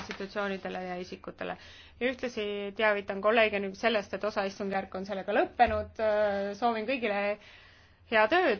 institutsioonidele ja isikutele. ja ühtlasi teavitan kolleege nüüd sellest, et osaistungjärk on sellega lõppenud, soovin kõigile head ööd!